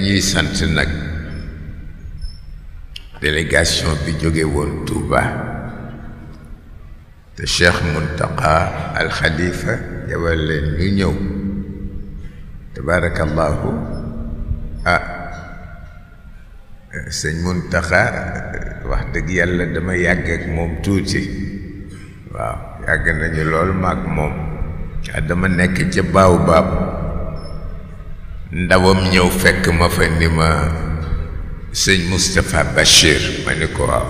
ñuy sant nag délégation bi jóge woon Touba te Cheikh Muntaqa al Khalifa yabal leen ñu ñëw tabaarakallaahu ah sëñ Muntaqa wax dëgg yàlla dama yàgg ak moom tuuti waaw yàgg nañu lool maak moom ah dama nekk ca baaw baab ndawam ñëw fekk ma fa ni ma sëñ Moustapha Bachir ma ni ko waaw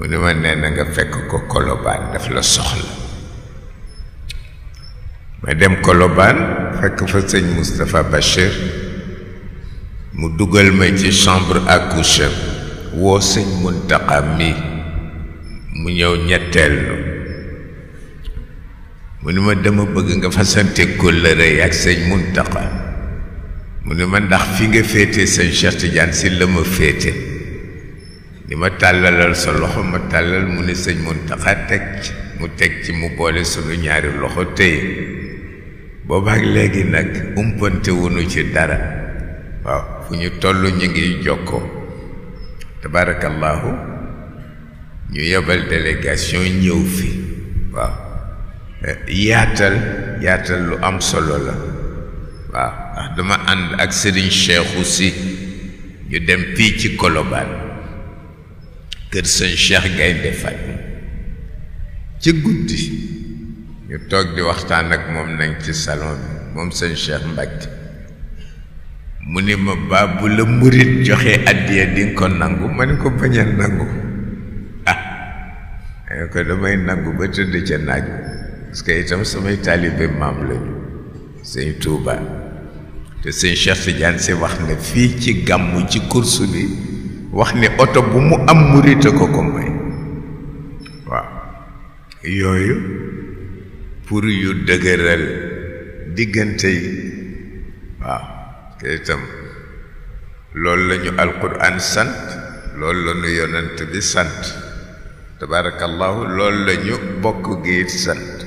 mu ni ma nee nga fekk ko Colobane daf la soxla ma dem Colobane fekk fa sëñ Moustapha Bachir mu dugal ma ci chambre à coucher woo sëñ Muntaqa mi mu ñëw ñetteel mu ni ma dama bëgg nga fasante kóllëre ak sëñ Muntaqa mu ne ma ndax fi nga féete sëñ Cheikh Tidiane si la ma féete ni ma tàllalal sa loxo ma tàllal mu ne sëñ Muntaxa teg ci mu teg ci mu boole sunu ñaari loxo téye boobaak léegi nag umpante wunu ci dara waaw fu ñu toll ñu ngi jokkoo tabaarakallaahu ñu yebal délégation ñëw fi waaw eh, yaatal yaatal lu am solo la waaw ndax dama ànd ak sëriñ Cheikhou Sy ñu dem fii ci Colobane kër sëñ Cheikh Gaynde bi ci guddi ñu toog di waxtaan ak moom nag ci salon bi moom sëñ Cheikh Mbacke mu ni ma baa bu la murit joxe addiya di nga ko nangu ma ni ko bañal nangu ah ma ko damay nangu ba tëdd ca naaj parce que itam samay taalibe maam lañu sëñ tuuba te sëñ Cheikh Tidiane si wax ne fii ci gàmmu ci course bi wax ni oto bu mu am murite ko ko may waaw yooyu pour yu dëgëral diggante yi waaw te itam loolu la ñu sant loolu la ñu bi sant tabarakallahu loolu la ñu bokk gi sant